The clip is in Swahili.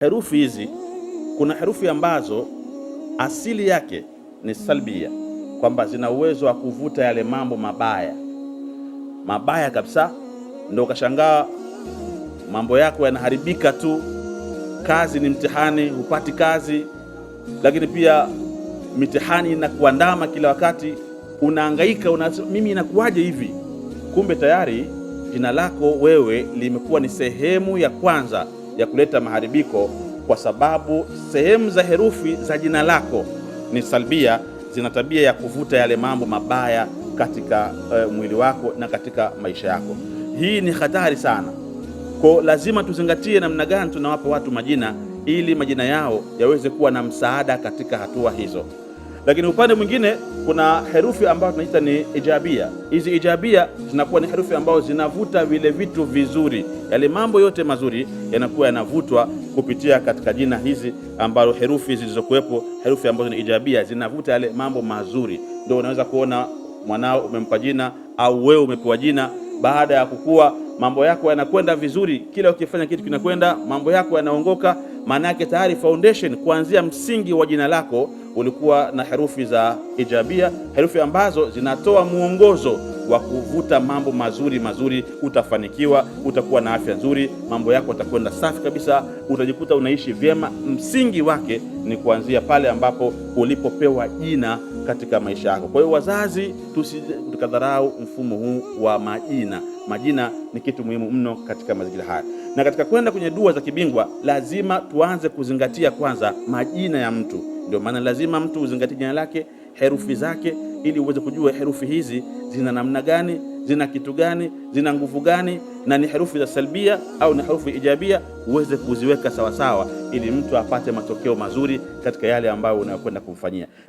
Herufi hizi kuna herufi ambazo asili yake ni salbia, kwamba zina uwezo wa kuvuta yale mambo mabaya mabaya kabisa, ndio ukashangaa mambo yako yanaharibika tu. Kazi ni mtihani, hupati kazi, lakini pia mitihani inakuandama kila wakati, unaangaika una, mimi inakuwaje hivi? Kumbe tayari jina lako wewe limekuwa ni sehemu ya kwanza ya kuleta maharibiko, kwa sababu sehemu za herufi za jina lako ni salbia, zina tabia ya kuvuta yale mambo mabaya katika uh, mwili wako na katika maisha yako. Hii ni hatari sana, kwa lazima tuzingatie namna gani tunawapa watu majina ili majina yao yaweze kuwa na msaada katika hatua hizo. Lakini upande mwingine kuna herufi ambazo tunaita ni ijabia. Hizi ijabia zinakuwa ni herufi ambazo zinavuta vile vitu vizuri, yale mambo yote mazuri yanakuwa yanavutwa kupitia katika jina hizi ambazo herufi zilizokuwepo, herufi ambazo ni ijabia zinavuta yale mambo mazuri. Ndio unaweza kuona mwanao umempa jina au wewe umepewa jina baada ya kukua mambo yako yanakwenda vizuri, kila ukifanya kitu kinakwenda, mambo yako yanaongoka. Maana yake tayari foundation kuanzia msingi wa jina lako ulikuwa na herufi za ijabia, herufi ambazo zinatoa mwongozo wa kuvuta mambo mazuri mazuri. Utafanikiwa, utakuwa na afya nzuri, mambo yako yatakwenda safi kabisa, utajikuta unaishi vyema. Msingi wake ni kuanzia pale ambapo ulipopewa jina katika maisha yako. Kwa hiyo, wazazi, tusikadharau tukadharau mfumo huu wa majina. Majina ni kitu muhimu mno katika mazingira haya, na katika kwenda kwenye dua za kibingwa lazima tuanze kuzingatia kwanza majina ya mtu. Ndio maana lazima mtu uzingatie jina lake, herufi zake, ili uweze kujua herufi hizi zina namna gani, zina kitu gani, zina nguvu gani, na ni herufi za salbia au ni herufi ijabia, uweze kuziweka sawasawa, ili mtu apate matokeo mazuri katika yale ambayo unayokwenda kumfanyia.